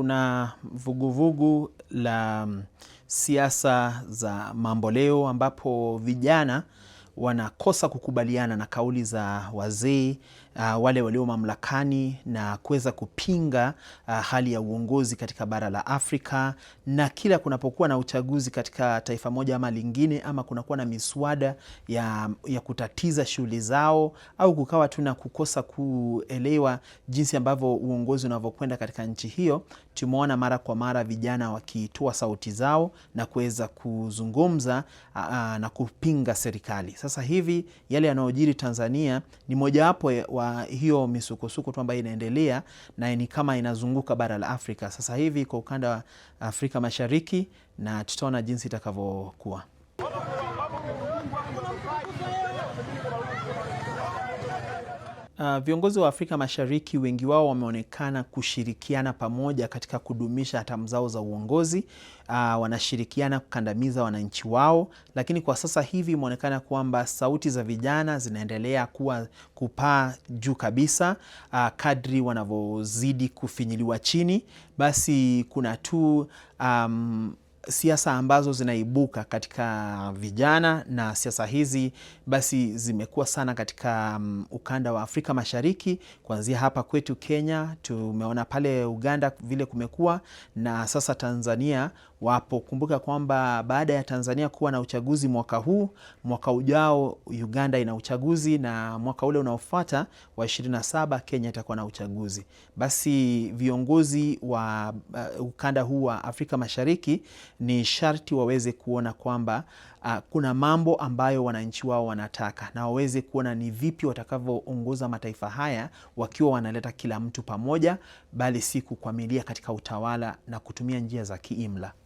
kuna vuguvugu la mm, siasa za mamboleo ambapo vijana wanakosa kukubaliana na kauli za wazee uh, wale walio mamlakani na kuweza kupinga uh, hali ya uongozi katika bara la Afrika, na kila kunapokuwa na uchaguzi katika taifa moja ama lingine, ama kunakuwa na miswada ya, ya kutatiza shughuli zao au kukawa tu na kukosa kuelewa jinsi ambavyo uongozi unavyokwenda katika nchi hiyo, tumeona mara kwa mara vijana wakitoa sauti zao na kuweza kuzungumza uh, uh, na kupinga serikali. Sasa sasa hivi yale yanayojiri Tanzania ni mojawapo wa hiyo misukosuko tu ambayo inaendelea na ni kama inazunguka bara la Afrika sasa hivi kwa ukanda wa Afrika Mashariki, na tutaona jinsi itakavyokuwa. Uh, viongozi wa Afrika Mashariki wengi wao wameonekana kushirikiana pamoja katika kudumisha hatamu zao za uongozi. Uh, wanashirikiana kukandamiza wananchi wao, lakini kwa sasa hivi imeonekana kwamba sauti za vijana zinaendelea kuwa kupaa juu kabisa. Uh, kadri wanavyozidi kufinyiliwa chini, basi kuna tu um, siasa ambazo zinaibuka katika vijana na siasa hizi basi zimekuwa sana katika um, ukanda wa Afrika Mashariki, kuanzia hapa kwetu Kenya, tumeona pale Uganda vile kumekuwa na sasa Tanzania wapo. Kumbuka kwamba baada ya Tanzania kuwa na uchaguzi mwaka huu, mwaka ujao Uganda ina uchaguzi na mwaka ule unaofuata wa 27 Kenya itakuwa na uchaguzi. Basi viongozi wa uh, ukanda huu wa Afrika Mashariki ni sharti waweze kuona kwamba uh, kuna mambo ambayo wananchi wao wanataka na waweze kuona ni vipi watakavyoongoza mataifa haya wakiwa wanaleta kila mtu pamoja, bali si kukwamilia katika utawala na kutumia njia za kiimla.